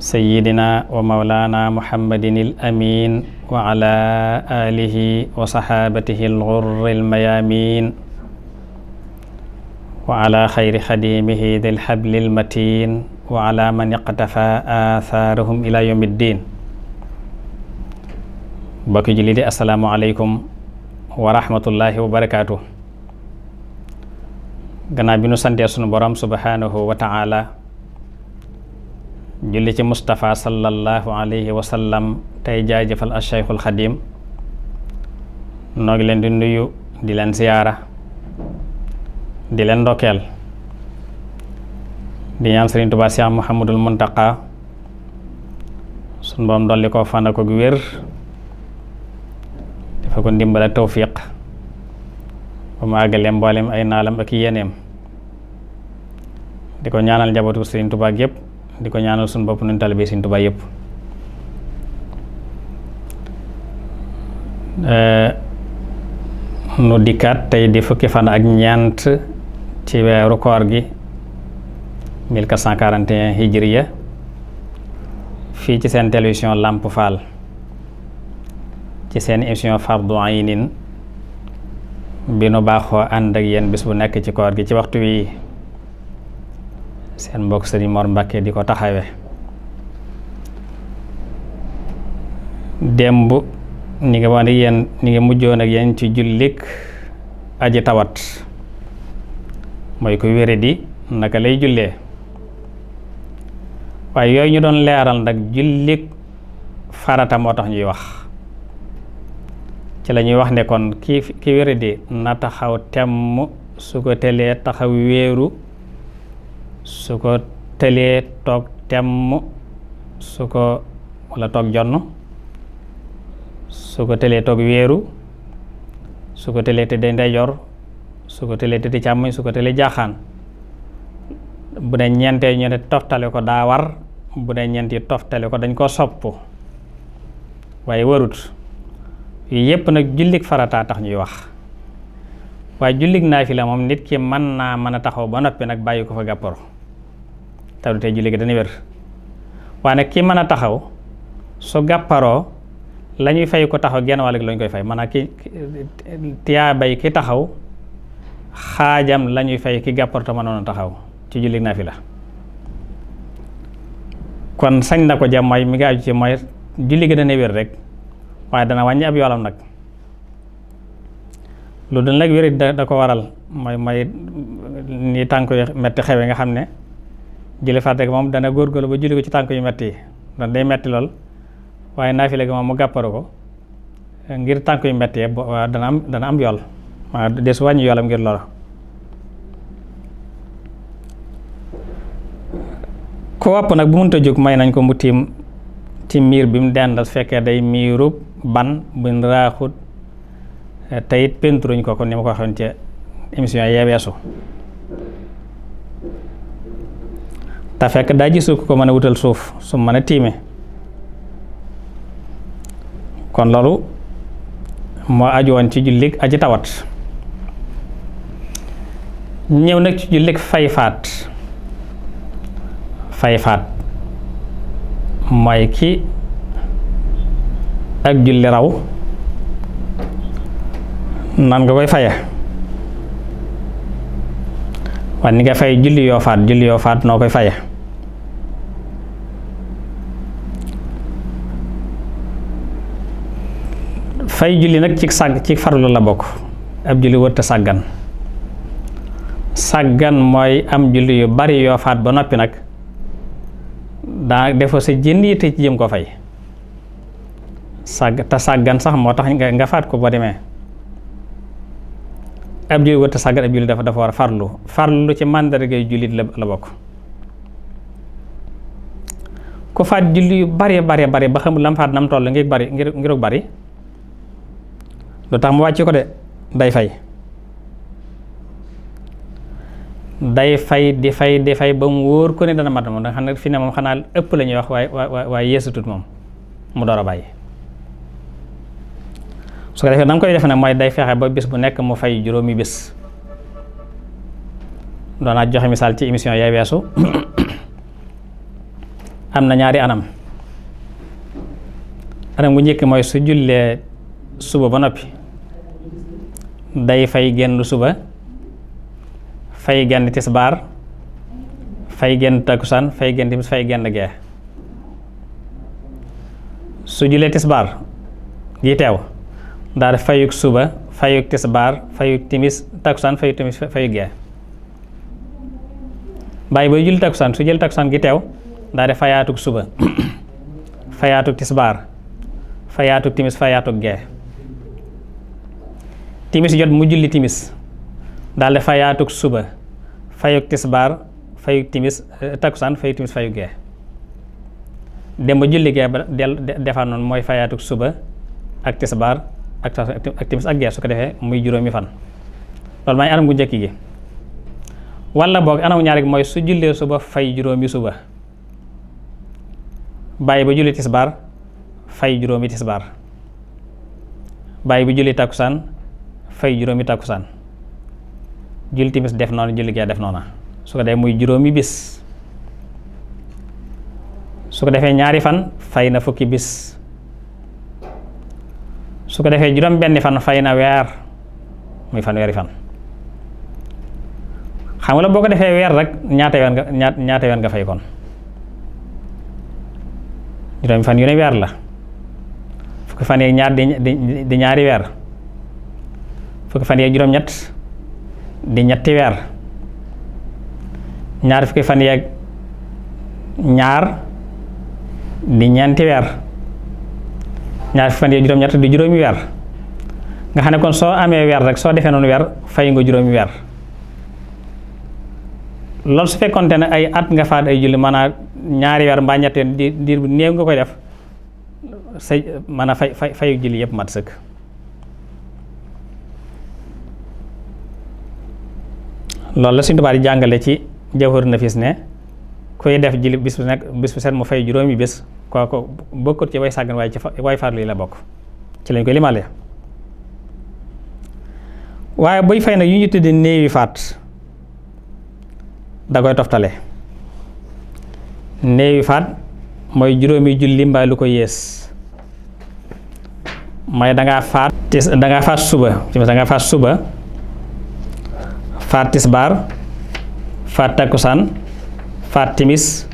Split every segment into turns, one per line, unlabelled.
sayyidina wa mawlaana muhammadin al-amiin wa calaa aalihi wa saxaabatihi al-ghurri al-mayaamiin wa calaa xayri xadiimihi dil xabli al-matiin wa calaa man iqtafaa aathaarahum ilaa yawmi ddiin mbokki jullit yi assalaamu aleykum wa rahmatullaahi wa barakaatuh gannaaw bi nu santee sunu borom subhaanahu wa taala julli ci Moustapha sallallahu alayhi wa sallam tey jaajëfal al Cheikhul Xadim noo leen di nuyu di leen siyaara di leen ndokkeel di ñaan Serigne Touba Cheikh Mouhamadul Muntaqa suñ boom dolli koo fànn ko gu wér dafa ko ndimbala tawfiq ba mu àggaleem ay naalam ak yéeneem di ko ñaanal njabootu Serigne Touba gépp di ko ñaanal suñ bopp nañ bi Sëriñ Tuubaa yëpp eh, nu dikkaat tey di fukki fan ak ñeent ci weeru koor gi 1441 fii ci seen télévision Lamp Fall ci seen émission Fardul Hayni bi nu baaxoo ànd ak yéen bis bu nekk ci koor gi ci waxtu wi seen mbokk sëriñ Mor Mbàkke di ko taxawe démb ni nga wax ne yéen ni nga mujjoon ak yéen ci jullik aji tawat mooy ku wére di naka lay jullee waaye yooyu ñu doon leeral nag jullik farata moo tax ñuy wax ci la ñuy wax ne kon ki ki wére na taxaw temm su ko telee taxaw wéeru su ko tëlee toog temm su ko wala toog jonn su ko tëlee toog wéeru su ko tëlee tëddee ndeyjoor su ko tëlee tëddee càmmoñ su ko tëlee jaaxaan bu dee ñeentee ñu ne toftale ko daa war bu dee ñeent yi toftale ko dañ koo sopp waaye warut yii yépp nag jullik farataa tax ñuy wax waaye jullig naafila moom nit ki mën naa mën a taxaw ba noppi nag bàyyi ko fa gàpporo te du tey julli gi wér waaye nag ki mën a taxaw su gàpparoo lañuy ñuy fay ko taxaw genn wàll koy fay maanaam ki tiyaabay ki taxaw xaajam la ñuy fay ki gàpparo te mënoon a taxaw ci fi la kon sañ na ko jam mooy mi ngi aju ci mooy julli gi dana wér rek waaye dana wàññi ab yoolam nag lu dul nag wérit da ko waral mooy mooy ni tànk metti xewe nga xam ne julli farata gi moom dana góorgóorlu ba julli ko ci tànk yu metti yi doon day mu gàpparu ko ngir tànk yu metti dana am dana am yool maa des wàññi yoolam ngir loola ku wàpp nag bu mënta jóg may nañ ko mu tiim ci miir bi mu dendal su fekkee day miirub ban buñ raaxut teyit penturuñ ko kon ni ma ko waxoon ca émission yee weesu te fekk daa gisul ko mën a wutal suuf su mën a tiime kon loolu moo aju ci jullig aji tawat ñëw nag ci jullig fayfaat fayfaat mooy ki ak julli raw nan nga koy faye waaye ni nga fay julli yoo faat julli yoo faat noo koy faye fay julli nag ci sàgg ci farlu la bokk ab julli wërta sàggan sàggan mooy am julli yu bari yoo faat ba noppi nag daa defoo sa jënd yi te jëm ko fay sàgg te sàggan sax moo tax nga faat ko boo demee ab jullit warta sàggan ab jullit dafa dafa war a farlu farlu ci màndargay jullit la la bokk ku faat julli yu bare bare bare ba xamul lam faat nam toll ngir bari ngir ngirug bari lu tax mu wàcc ko de day fay day fay di fay di fay ba mu wóor ko ne dana mat moom danga xam ne fi ne moom xanaa ëpp la ñuy wax waaye waaye yeesutut moom mu door a bàyyi su ko defee na nga koy defe mooy day fexe ba bis bu nekk mu fay juróomi bis doonaa joxe misaal ci émission yay weesu am na ñaari anam anam gu njëkk mooy su jullee suba ba noppi day fay genn suba fay genn tisbaar fay genn takkusaan fay genn timis fay genn gee su jullee tisbaar gi teew daal di suba fayug tisbaar fayug timis takusaan fayug timis fayug gee booy julli takusaan su jël takusaan gi teew daal di fayaatug suba fayaatug tisbaar fayaatug timis fayaatug gee timis jot mu julli timis daal di fayaatug suba fayug tisbaar fayug timis eh, takusaan fayug timis fayug gee dem ba julli gee ba del defar noonu mooy fayaatug suba ak tisbaar ak saa ak timis ak gee su ko defee muy juróomi fan loolu maa anam gu njëkk gi wala boog anam ñaar gi mooy su jullee suba fay juróomi suba bàyyi ba julli tisbaar fay juróomi tisbaar bàyyi ba julli takkusaan fay juróomi takkusaan julli timis def noonu julli gee def noona su ko defee muy juróomi bis su ko defee ñaari fan fay na fukki bis su ko defee juróom benni fan fay na weer muy fan weeri fan xam nga la boo ko defee weer rek ñaata weer nga ñaata weer nga fay kon juróomi fan yu ne weer la fukki fan yeeg ñaar di ñaari weer fukki fan yeeg juróom ñett di ñetti weer ñaar fukki fan yeeg ñaar di ñeenti weer ñaar fan yee juróom-ñett di juróomi weer nga xam ne kon soo amee weer rek soo defee noonu weer fay nga juróomi weer loolu su fekkonte ne ay at nga faat ay julli maanaam ñaari weer mbaa ñetti di diir bu néew nga koy def sa maanaam fay fay fayu julli yëpp mat sëkk loolu la suñu tubaab di jàngale ci jawhar nafis ne kuy def julli bis bu nekk bis set mu fay juróomi bés kooku bokkut ci way sàggan waaye ci way farlu yi la bokk ci lañ koy limaale waaye buy fay nag yu ñu tuddee néewi faat da koy toftale néewi faat mooy juróomi julli mbaa lu ko yées may dangaa faat tis dangaa faat suba ci da dangaa faat suba faat tisbaar faat takkusaan faat timis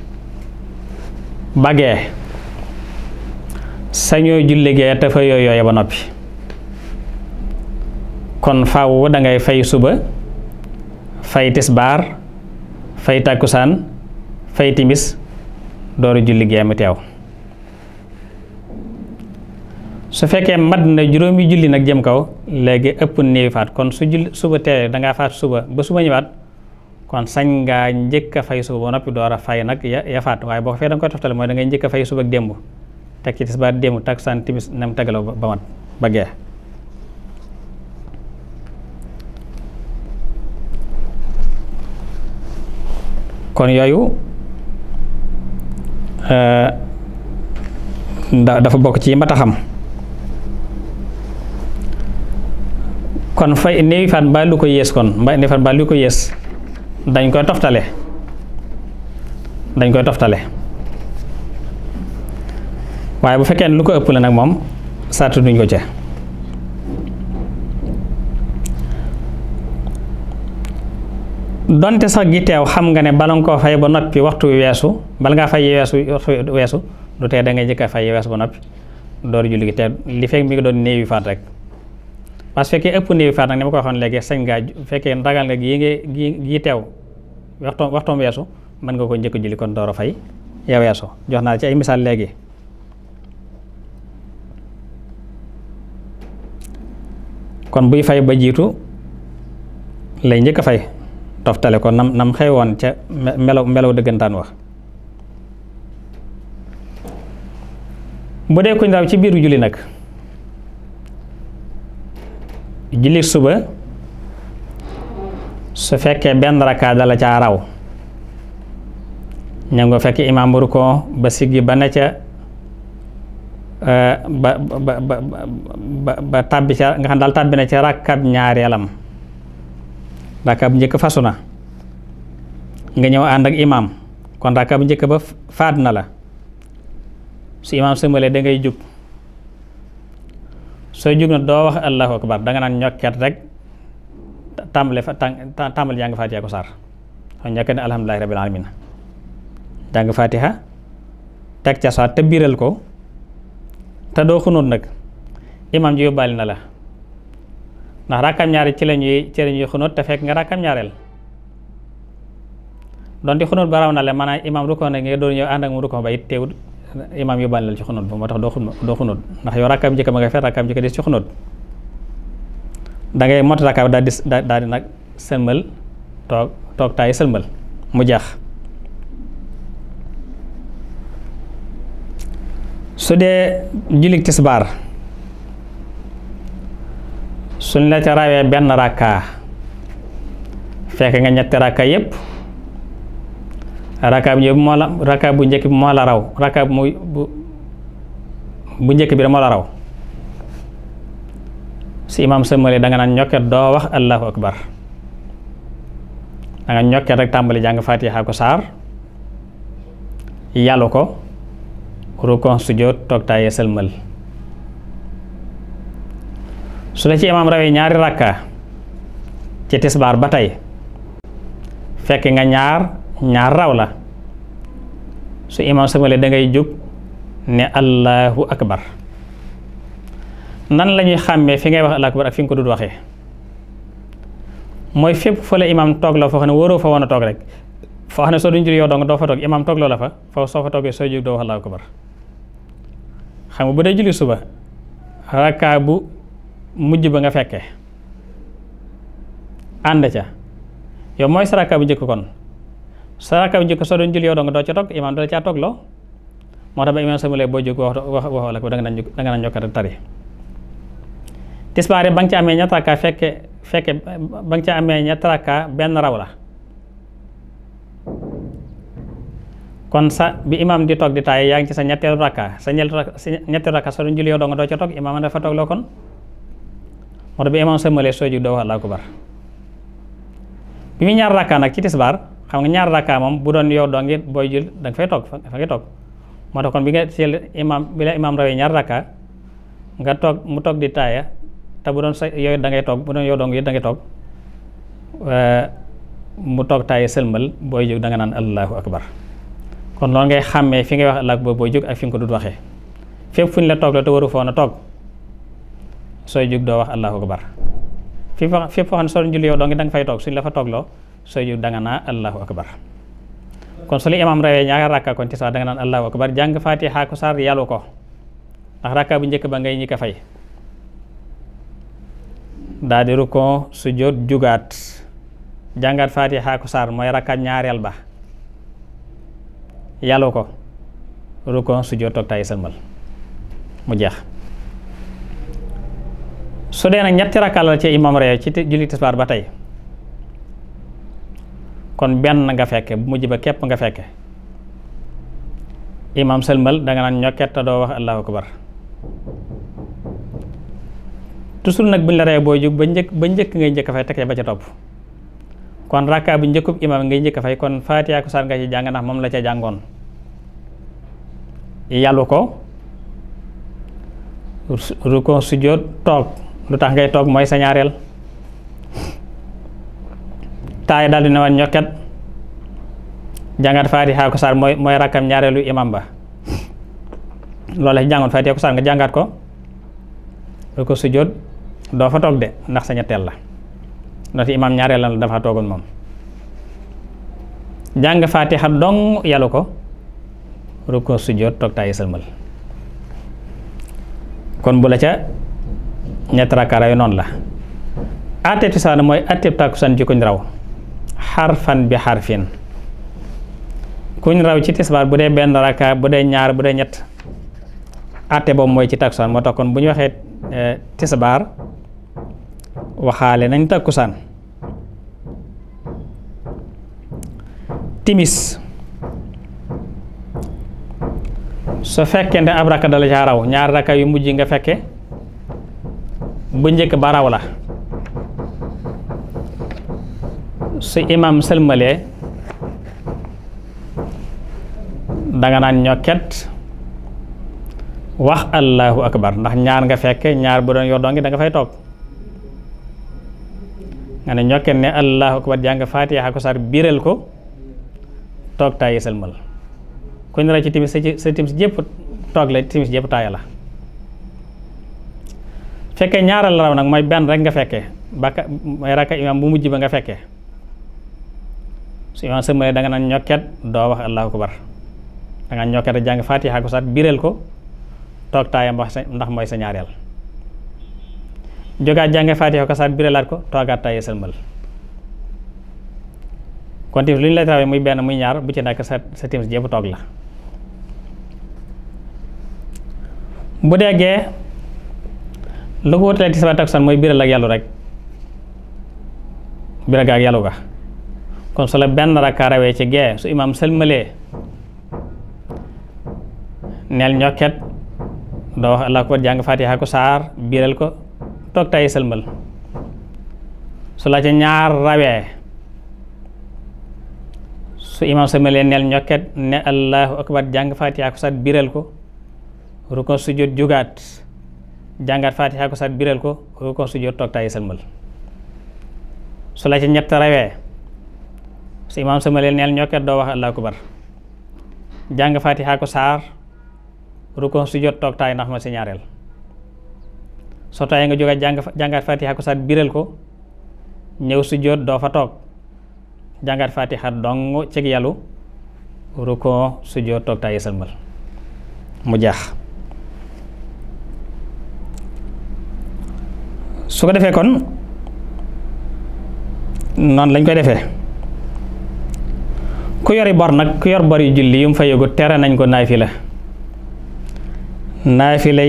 bagee sañoo julli gee te fa yooyooye ba noppi kon faaw dangay fay suba fay tisbaar fay tàkkusaan fay timis dooru julli gee mu teew su fekkee mat na juróomi julli nag jëm kaw léegi ëpp néewi faat kon su julli suba teewee dangaa faat suba ba suba ñëwaat kon sañ ngaa njëkk a fay suba ba noppi door a fay nag ya ya faat waaye boo ko fee da nga koy toftale mooy da ngay njëkk a fay suba ak démb tekki tisbaar déemu takkusaan timis nam tegaloo ba mat ba geex kon yooyu eh, da dafa bokk ci mata xam kon fay néewi fan ba lu ko yées kon mbaa néewi fan ba lu ko yées dañ koy toftale dañ koy toftale waaye bu fekkee ne lu ko ëpp la nag moom sartu duñ ko ca donte sax gi teew xam nga ne bala nga koo fay ba noppi waxtu weesu bala ngaa fay weesu waxtu weesu lu tee da ngay jëkk a fay weesu ba noppi door julli gi te li fekk mi ngi doon néew yu faat rek parce que fekkee ëpp néew yu faat nag ni ma ko waxoon léegi sañ ngaa fekkee ragal nga gii nga gi gii teew waxtoom waxtoom weesu mën nga ko njëkk julli kon door a fay ya weesu jox naa ci ay misaal léegi kon buy fay ba jiitu lay njëkk a fay toftale ko nam nam xëy woon ca melaw melaw dëggantaan wax bu dee kuñ daaw ci biiru julli nag julli suba su fekkee benn rakkaa dala caa raw ña nga fekk imaam ruko ba siggi ba ne ca Eh, ba ba ba ba tàbbi ca nga xam daal tàbbi na ca rakkab ñaareelam rakkab njëkk fasu na nga ñëw ànd ak imaam kon rakkab njëkk ba faat na la su imaam sëmbalee da ngay jug soo jug na doo wax allahu akbar da nga naan ñokket rek tàmbale fa tàmbale jàng faatiha ko saar soo ñokket alhamdulillahi rabbil alamin jàng faatiha teg ca saar te biiral ko te doo xunóot nag imaam ji yóbbaale na la ndax rakkam ñaari ci lañuy ci lañuy xunóot te fekk nga rakkam ñaareel donte xunóot ba raw na la maanaam imaam rukkoo na nga doon ñëw ànd ak mu rukkoo ba it teewul imaam yóbbaale la ci xunóot ba moo tax doo doo xunóot ndax yow rakkam njëkk ma nga fekk rakkam njëkk des ci xunóot da ngay mot rakkam di nag sëlmal toog toog taay sëlmal mu jaax su dee jullik tisbaar suñ la ca rawee benn rakka fekk nga ñetti rakka yépp rakka bu njëkk bi moo bi moo la raw rakka bu njëkk bi da moo la raw si imaam sëmmali da danga naan ñokket doo wax allahu akbar da nga ñokket rek tàmbali jàng fatiha ko saar yàllu ko rukon sujjóot toog taaye sëlmal su la ci imaam rawee ñaari rakka ci tisbaar ba tey fekk nga ñaar ñaar raw la su imaam sëlmalee da ngay jub ne allahu akbar nan la ñuy xàmmee fi ngay wax allahu akbar ak fi nga ko dul waxee mooy fépp fa la imaam toog la foo xam ne waroo fa woon a toog rek foo xam ne soo duñ jur yow dong doo fa toog imaam toog loola fa foofu soo fa toogee soo jóg doo wax allahu akbar xam nga bu dee julli suba rakkaa bu mujj ba nga fekkee ànd ca yow mooy sa rakkaa bu njëkk kon sa rakkaa bu njëkk soo doon julli yow dong doo ca toog imaam doo caa toog loo moo tax ba imaam sama lay boo jóg wax wax wax la ko da nga naan da nga naan tari tisbaar ba nga ca amee ñett rakkaa fekke fekke ba nga ca amee ñett raw la kon sa bi imam di toog di taay yaa ngi ci sa ñetteelu rakka sa ñetteelu rakka sa doon julli yow doo nga doo ca toog imaam dafa toog loo kon bi imaam sëmmalee soo jug doo wax Allaahu ñaar rakka nag ci tisbaar xam nga ñaar rakka moom bu doon yow doo ngi booy jul da fay toog fa nga toog moo tax kon bi nga seel imaam bi la imaam rawee ñaar rakka nga toog mu toog di taaya te bu doon sa yooyu da toog bu doon yow doo ngi da toog eh, mu toog taaya sëlmal booy jug da nga naan Allaahu akbar kon loolu ngay xàmmee fi ngay wax làkk boobu booy jóg ak fi nga ko dut waxee fépp fu ñu la toog la te waru foon a toog sooy jóg doo wax allahu akbar fi fépp foo xam ne soo julli yow doo ngi da nga fay toog suñ la fa toogloo sooy jóg da nga kon su li imaam rawee ñaari rakka kon ci sax da nga naan allahu akbar jàng faatiha ko saar yàllu ko ndax rakka bu njëkk ba ngay ñi ko fay daa ko rukon su jot jugaat jàngaat faatiha ko saar mooy rakka ñaareel ba yàlloo ko rukon sujjóot toog taay sëlmal mu jeex su dee nag ñetti rakkal la ci imam ree ci julli tisbaar ba tey kon benn nga fekke bu mujj ba képp nga fekke imam sëlmal danga nga naan ñokket te doo wax allahu akbar toujours nag buñ la ree booy jug ba njëkk ba njëkk ngay njëkk fay teke ba ca topp kon rakka bu njëkkub imaam ngay njëkk fay kon faatiha ko saar nga ci moom la ca jàngoon yàllu ko ruko sujjóot toog lu tax ngay toog mooy sa ñaareel taay di ne woon ñokket jàngat faatiha ko saar mooy rakkam ñaareelu imaam ba loolu la jàngat ko ruko sujjóot doo fa toog de ndax sa ñetteel la ndax imaam ñaareelam la dafa toogoon moom jàng faatiha dong yalu ko rukkoo sujjóot toog tàyyi sëlmal kon bu la ca ñett rakkaara yu noonu la àtteeb tisaan mooy àtteeb tàkkusaan ci kuñ raw xarfan bi xarfin kuñ raw ci tisbaar bu dee benn rakka bu dee ñaar bu dee ñett àtte boobu mooy ci tàkkusaan moo tax kon bu ñu waxee eh, tisbaar waxaale nañ takkusaan timis su fekkente ab rakk dala caa raw ñaar rakka yu mujj nga fekke bu njëkk ba raw la su imam sëlmalee danga naan ñokket wax allahu akbar ndax ñaar nga fekke ñaar bu doon yor dongi da fay toog nga ne ñokket ne allahu akbar jàng faatiha ko sar biral ko toog taaye sëlmal ku ñu ci timis sa timis jëpp toog la timis jëpp taaye la fekkee ñaaral raw nag mooy benn rek nga fekke baka mooy raka imaam bu mujj ba nga fekkee su imaam sëlmalee da nga naan ñokket doo wax allahu akbar da nga ñokket a jàng fatiha ko saat biral ko toog taayam wax ndax mooy sa ñaareel jógaat jàng fatiha ko saat biralaat ko toogaat taaye sëlmal kon timis lu ñu lay trawee muy benn muy ñaar bu ci nekk sa sa timis jépp toog la bu deegee lu ko wutalee tisbaar takkusaan mooy biral ak yàllu rek biral ga ak yàllu ga kon su la benn rakka rawee ci gee su imaam sëlmalee neel ñokket doo wax ko jàng fatiha saar biral ko toog tay sëlmal su la ci ñaar rawee su imaam sëlmalee neel ñokket ne allahu akbar jàng fatiha ko sat biral ko rukon ko sat biral su la ci saar rukon sujjóot toog tàyyi ndax ma si ñaareel soo tàyyi nga jógaat jàng jàngaat ko sat biral ko ñëw sujjóot doo fa toog jàngat fatiha dong cig yàllu ruko sujjóot toog tàyyi sëlmal mu jaax su ko defee kon noonu lañ koy defee ku yori bor nag ku yor bor yu julli yu mu fa yëgut tere nañ ko naafila naafila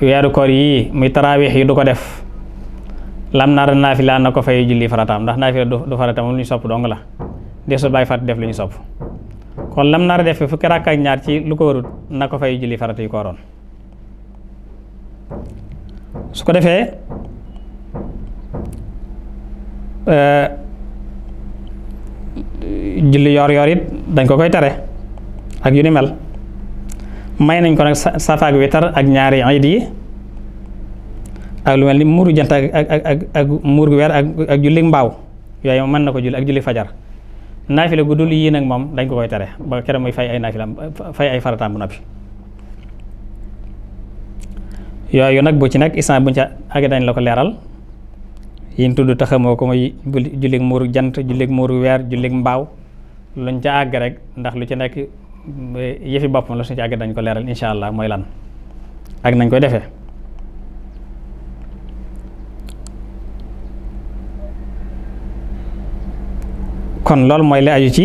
weeru koor yii muy taraawiix yi du ko def lam naara naafila na ko fay julli farataam ndax naafila du farataam lu ñu sopp dong la desul bàyyi fàtt def lu ñu sopp kon lam naara def fukki rakk ak ñaar ci lu ko warut na ko fay julli farata yu ko waroon su ko defee eh, julli yoor yoor it dañ ko koy tare ak yu ni mel may nañ ko nag safaak witar ak ñaari iid yi ak lu mel ni muuru jant ak ak ak muur gu weer ak ak julli mbaaw yooyu mën na ko julli ak julli fajar naafile gu dul yii nag moom dañ ko koy tere ba keroog muy fay ay naafilam fay ay farataam bu noppi yooyu nag bu ci nekk instant buñ ca àgg dañ la ko leeral yiñ tudd taxamoo ko muy jullig muuru jant jullig muuru weer jullig mbaaw luñ ca àgg rek ndax lu ci nekk yëfi boppam la suñ ci àgg dañ ko leeral incha allah mooy lan ak nañ koy defee kon loolu mooy li aju ci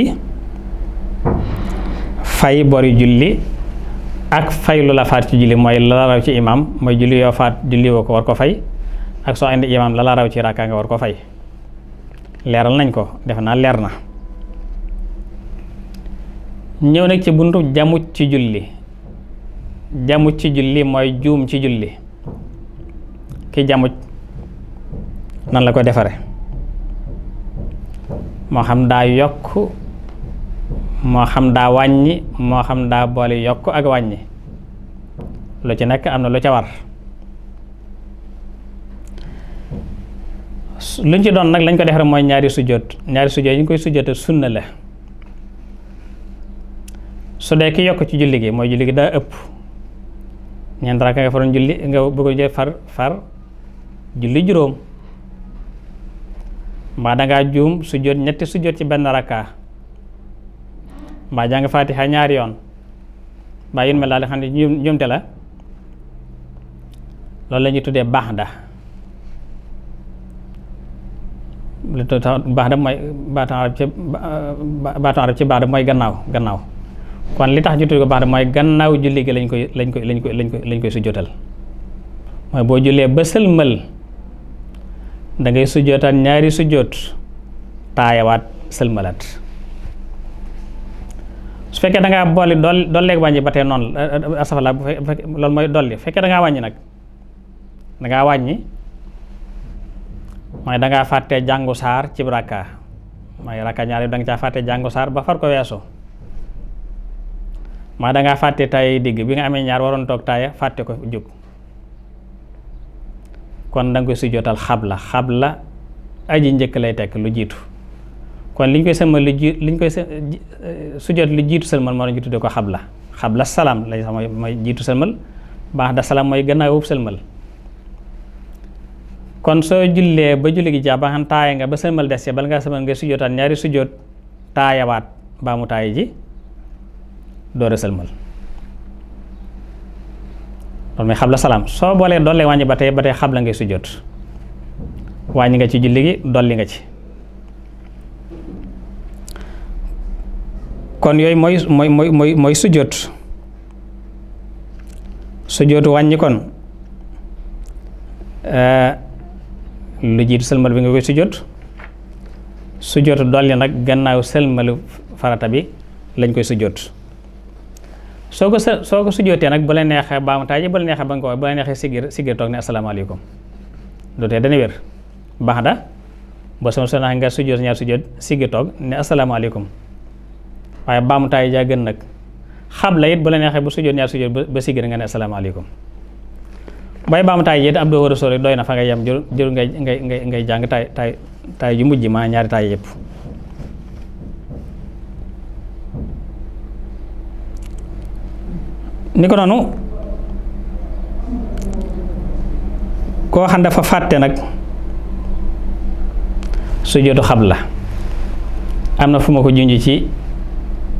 fay bori julli ak fay lu la faat ci julli mooy la ci imaam mooy julli yoo faat julli woo ko war ko fay ak soo indi imaam la raw ci rakka nga war ko fay leeral nañ ko defe naa leer na ñëw nag ci buntu jamut ci julli jamut ci julli mooy juum ci julli ki jamut nan la ko defare moo xam daa yokk moo xam daa wàññi moo xam daa boole yokk ak wàññi lu ci nekk am na lu ca war luñ ci doon nag lañ ko def rek mooy ñaari sujjóot ñaari sujjóot yi ñu koy sujjóote sunna la su dee ki yokk ci julli gi mooy julli gi daa ëpp ñeent rakk nga faroon julli nga bëgg far far julli juróom mbaa dangaa juum sujjóot ñetti sujjóot ci benn rakkaa mbaa jàng faatiha ñaari yoon mbaa yun mel daal xam ne njuumte la loolu lañuy tuddee baax lu tax baxda mooy baatu arab ci baatu arab ci baxda mooy gannaaw gannaaw kon li tax ñu tudd ko baxda mooy gannaaw julli gi lañ koy lañ koy lañ koy lañ koy lañ koy sujjóotal mooy boo jullee ba sëlmal da ngay sujjootaat ñaari sujjoot taayawaat sëlmalaat su fekkee da ngaa boole dool dolleeg wàññi ba tey noonu asafala eh, eh, bu fekkee loolu mooy dolli bu fekkee da wàññi nag dangaa ngaa wàññi mooy da ngaa fàtte jàngu saar ci rakka mooy rakka ñaari da nga caa fàtte jàngu saar ba far ko weesu mooy da ngaa fàtte taay digg bi nga amee ñaar waroon toog taaya fàtte ko jug. kon da nga koy sujjootal xabla xabla aji njëkk lay tekk lu jiitu kon liñ koy sëlmal lu jiitu liñ koy eh, sujjoot lu jiitu sëlmal moo ñu tuddee ko xab la salaam lay sax mooy jiitu sëlmal baax da salaam mooy gannaawu sëlmal kon soo jullee ba julli gi jaax ba taaya nga ba sëlmal des ya bal ngaa sëlmal nga sujjootaat ñaari sujjoot taayawaat baa mu taay ji door a sëlmal loolu xab la salaam soo boolee dollee wàññi ba tey ba tey xabla ngay sujjóot wàññi nga ci julli gi dolli nga ci kon yooyu mooy mooy mooy mooy mooy sujjóot sujjóotu wàññi kon eh, lu jiitu sëlmal bi nga koy sujjóot sujjóotu dolli nag gannaaw sëlmalu farata bi lañ koy sujjóot soo ko sa soo ko si sujjootee nag bu la neexee baamtaay ji bu la neexee ba nga ko bu la neexee sigir sigir toog ne asalaamaaleykum dootee dana wér baax da ba soo soo nga sujjoot ñaar sujjoot sigir toog ne asalaamaaleykum waaye baamtaay jaa gën nag xab la it bu la neexee bu sujjoot ñaar sujjoot ba sigir nga ne asalaamaaleykum bay baamtaay ji it am doo war a sori doy na fa nga yam jur jur ngay ngay ngay jàng taay taay taay ju mujj maa ñaari taay yëpp ni ko noonu koo xam dafa fàtte nag su xab la am na fu ma ko junj ci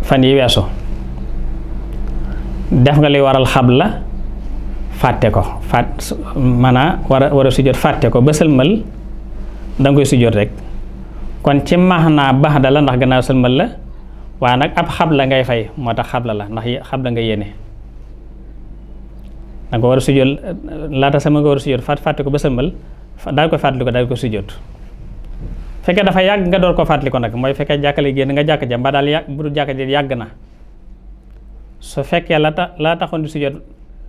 fan yi weesu def nga li waral xab la fàtte ko fàtt maanaa war a war a sujjóot fàtte ko ba sëlmal danga koy sujjóot rek kon ci maax naa baax dala ndax gannaaw sëlmal la waaye nag ab xab la ngay fay moo tax xab la la ndax xab la nga yéene da nga ko war a sujjool laata sama nga war a sujjoot fàtt fàtte ko ba sëmbal daal ko fàttali ko daal ko sujjoot fekkee dafa yàgg nga door ko fàttali ko nag mooy fekkee jàkkale génn nga jàkk ja mbaa daal yàgg bu jàkk ja yàgg na su fekkee la laa taxoon di sujjoot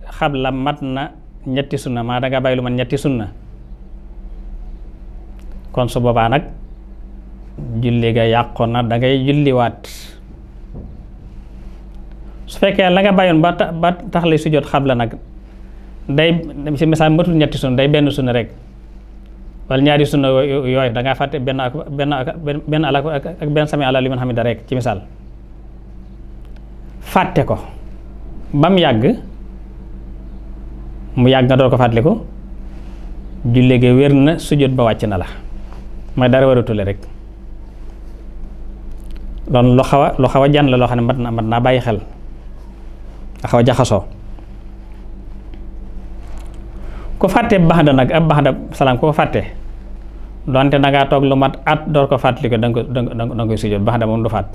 xab la mat na ñetti sunna maa dangaa bàyyi lu man ñetti kon su boobaa nag julli yàqoon na da ngay julliwaat su fekkee la nga bàyyoon ba tax lay sujjoot xab la nag day si misaal matul ñetti sunna day benn sunna rek wal ñaari sunna yooyu da fàtte benn ak benn ak benn alak ak benn sami àla rek ci misaal fàtte ko ba mu yàgg mu yàgg nga door ko fàttaliku julli gi wér na sujjóot ba wàcc na la may dara waratule rek loolu lu xaw a lu xaw a jan la loo xam ne mat naa mat naa bàyyi xel nga xaw jaxasoo ku fàtte baxda nag am baxda salaam koo ko fàtte donte dangaa toog lu mat at door ko fàttali ko danga ko danga koy sujjóot baxda moom du fàtt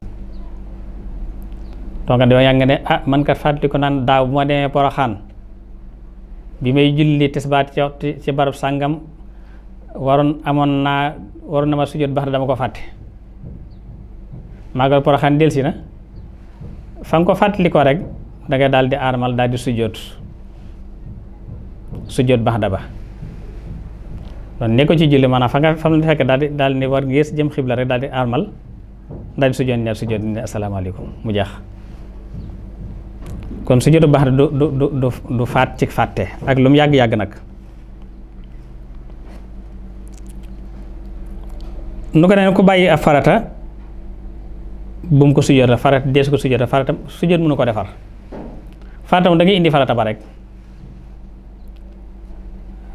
toog nga di ah, daaw bu ma demee poroxaan bi sàngam waroon amoon na ma sujjóot dama ko fàtte maagal poroxaan delsi na fa ko fàttali rek dangay daal di armal daal di sujjóot sujjóot baxda ba doon ne ko ci julli maanaam fa nga fa mu fekk daal di daal di war ngees jëm xibla rek daal di armal daal di sujjóot ñaar sujjóot ne asalaamaaleykum mu jeex kon sujjóotu baxda du du du faat ci fàtte ak lu mu yàgg yàgg nag. nu ko nee ku bàyyi ab farata bu mu ko sujjóot farata dees ko sujjóot farata sujjóot mënu ko defar farata moom da indi farata ba rek.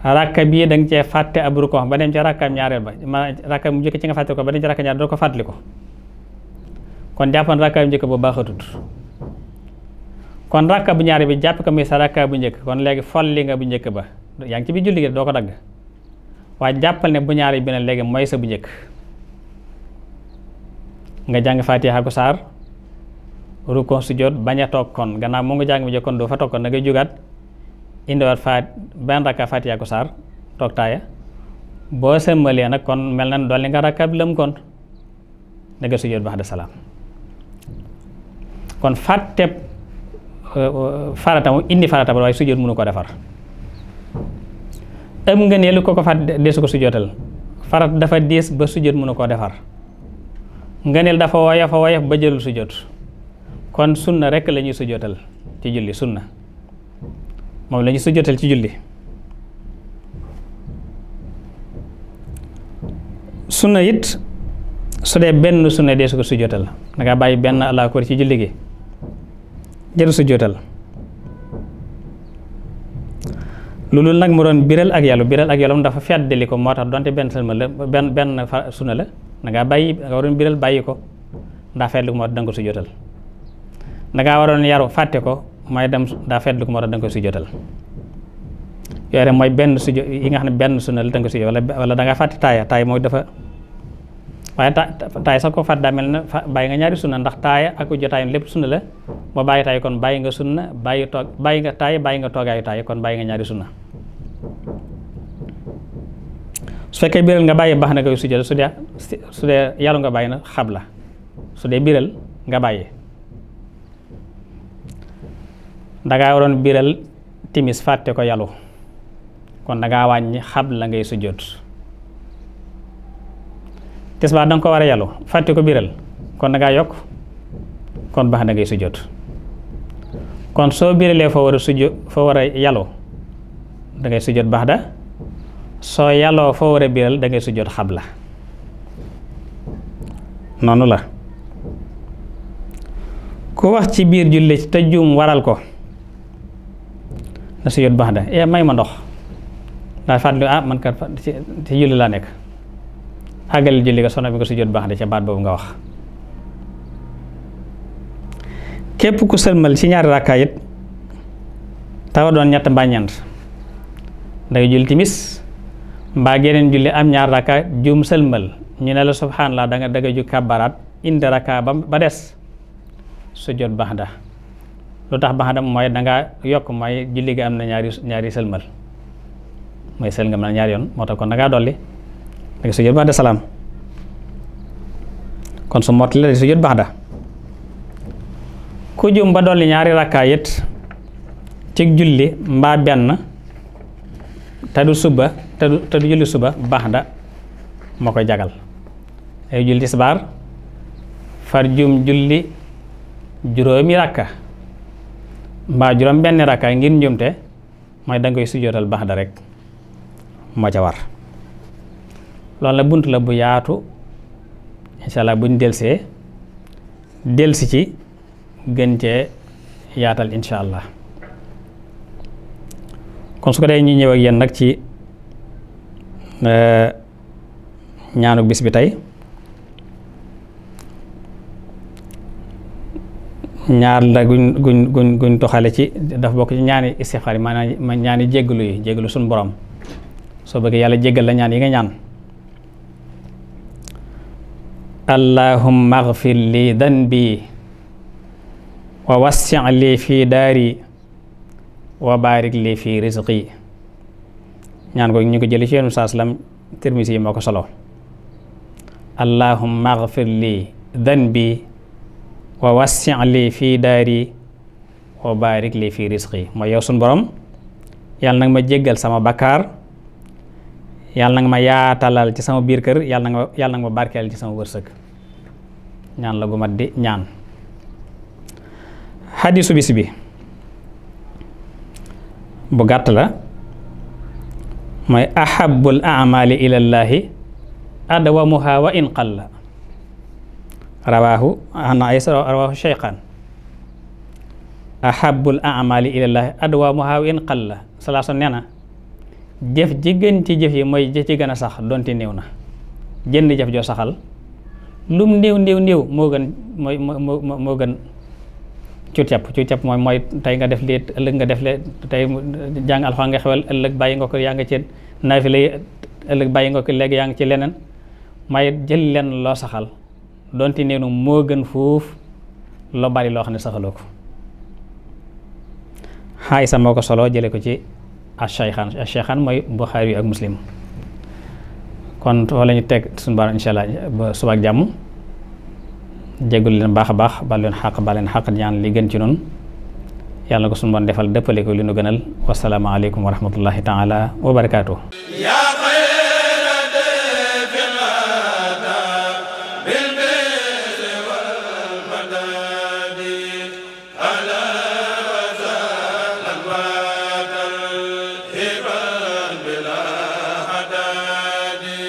rakka bii danga cee fàtte ab ruko ba dem ci rakkaam ñaareel ba ma rakka mu njëkk ci nga fàtte ko ba dem ci rakka ñaar doo ko fàttali ko kon jàppoon rakka bu njëkk boobu baaxatut kon rakka bu ñaareel bi jàpp ko muy sa rakka bu njëkk kon léegi folli nga bu njëkk ba yaa ngi ci julli gi doo ko dagg waaye jàppal ne bu ñaareel bi ne léegi mooy sa bu njëkk nga jàng Faatiha ko saar ruko sujjóot bañ a toog kon gannaaw moo nga jàng bi jëkkoon doo fa toog kon na ngay jugaat indiwaat faat benn rakka fatiha ko saar toog taaya boo sëmmalee nag kon mel na li nga rakka bi lëm kon danga sujjóot ba'da salaam kon fàtte euh, euh, farata mu indi farata ba waaye sujjóot mënu ko defar am nga ne lu ko ko fàtt deesu farat dafa diis ba sujjóot mënu koo defar nga ne dafa woyof a woyof ba jëlul sujjóot kon sunna rekk la ñuy sujjóotal ci julli sunna moom la ñu sujjotal ci julli sunna it su dee benn sunna dee su ko sujjotal da bàyyi benn allah koor ci julli gi jëru sujjotal loolu nag mu doon biral ak yàlla biral ak yàlla mu dafa feddali ko moo tax donte benn sëlma la benn benn sunna la da ngaa bàyyi da nga waroon biral bàyyi ko ndax feddali ko moo tax da ko sujjotal da ngaa waroon yaru fàtte ko mooy dem daa fetlu ko moo tax da nga koy sujjootal yooyu rek mooy benn sujjo yi nga xam ne benn sunna la da nga koy wala wala da ngaa fàtte taaya taaya mooy dafa waaye taaya sax ko fàtte daa mel na fa bàyyi nga ñaari sunna ndax taaya ak jotaay lépp sunna la boo bàyyi taaya kon bàyyi nga sunna bàyyi toog bàyyi nga taaya bàyyi nga toogaayu taaya kon bàyyi nga ñaari sunna su fekkee biral nga bàyyi baax na koy sujjo su dee su dee yàlla nga bàyyi na xab la su dee biral nga bàyyi dangaa waroon biral timis fàtte ko yalu kon dangaa wàññi xab la ngay sujjóot tisbaar danga ko war a yalu fàtte ko biral kon dangaa yokk kon baax na sujjóot kon soo biralee foo war a sujjóot foo war a yalu dangay sujjóot baax da soo yaloo foo war a biral da sujjóot xab la noonu la ku wax ci biir julli te jum waral ko na si yot baax da e eh, may ma ndox daa fàttali ah man kat ci julli laa nekk àggalil julli nga sono bi nga si jot baax da ca baat boobu nga wax képp ku sëlmal ci ñaari rakkaa it tawa doon ñett mbaa ñeent dangay julli timis mbaa geneen julli am ñaar rakka juum sëlmal ñu ne la subhanallah da nga dagga ju kàbbaraat indi rakka ba des su jot baax da lu tax baxadam mooy dangaa yokk mooy julli gi am na ñaari ñaari sëlmal mooy sël nga mën ñaari yoon moo tax kon dangaa dolli da nga sujjóot salaam kon su mottali da sujjóot baxda ku jum ba dolli ñaari rakkaa it ci julli mbaa benn te du suba te du te du julli suba baxda moo ko jagal ay julli tisbaar far jum julli juróomi rakka mbaa juróom benn rakka ngir njumte mooy da nga koy sujjootal baax da rek moo ca war loolu la bunt la bu yaatu incha allah buñ delsee delsi ci gën cee yaatal incha allah kon su ko dee ñu ñëw yéen nag ci euh, ñaanuk bis bi tey ñaar la guñ guñ guñ guñ toxale ci daf bokk ci ñaani istixfaar yi maanaam ñaani jéggalu yi jéggalu suñu borom soo bëggee yàlla jéggal la ñaan yi nga ñaan allahumma agfir li danbi wa wassi li fi daari wa barik li fi rizqi ñaan ko ñu ko jëli ci yoonu saa salaam tirmisi yi moo solo allahumma agfir li danbi wa wassi li fii daari wa baarik li fii risqi mooy yow sun borom yàlla na nga ma jéggal sama bakkaar yàlla na nga ma yaatalal ci sama biir kër yàlla na nga yàlla na ma barkeel ci sama wërsëg ñaan la gu mat di ñaan xadiisu bis bi bu gàtt la mooy ahabul amali ilallaahi adawamuha wa in rawaahu an aysa rawaahu cheykhaan ahabul amali ilallaahi adwaamuhaa wa in qalla salaasu nee na jëf ji gën ci jëf yi mooy jëf ci gën a sax donte néew na jënn jëf joo saxal lum néew néew néew moo gën mooy moo gën cuut yàpp cuut yàpp mooy tey nga def lii ëllëg nga def lee tey jàng alxuraan nga xewal ëllëg bàyyi nga ko yaa ngi ci nafila ëllëg bàyyi nga ko léegi yaa ngi ci leneen may jël leen loo saxal donte neenu moo gën foofu loo bari loo xam ne saxaloo ko xaay xaayisa moo ko solo jële ko ci ash-shaykhaan ash-shaykhaan mooy ak Muslim kon foofu lañu teg suñu baaram ba suba jàmm jéggul leen baax a baax baal leen xaq baal leen xaq ñaan li gën ci noonu yàlla na ko suñu bon defal dëppale ko li nu gënal wasalaamaaleykum wa rahmatullahi taala wa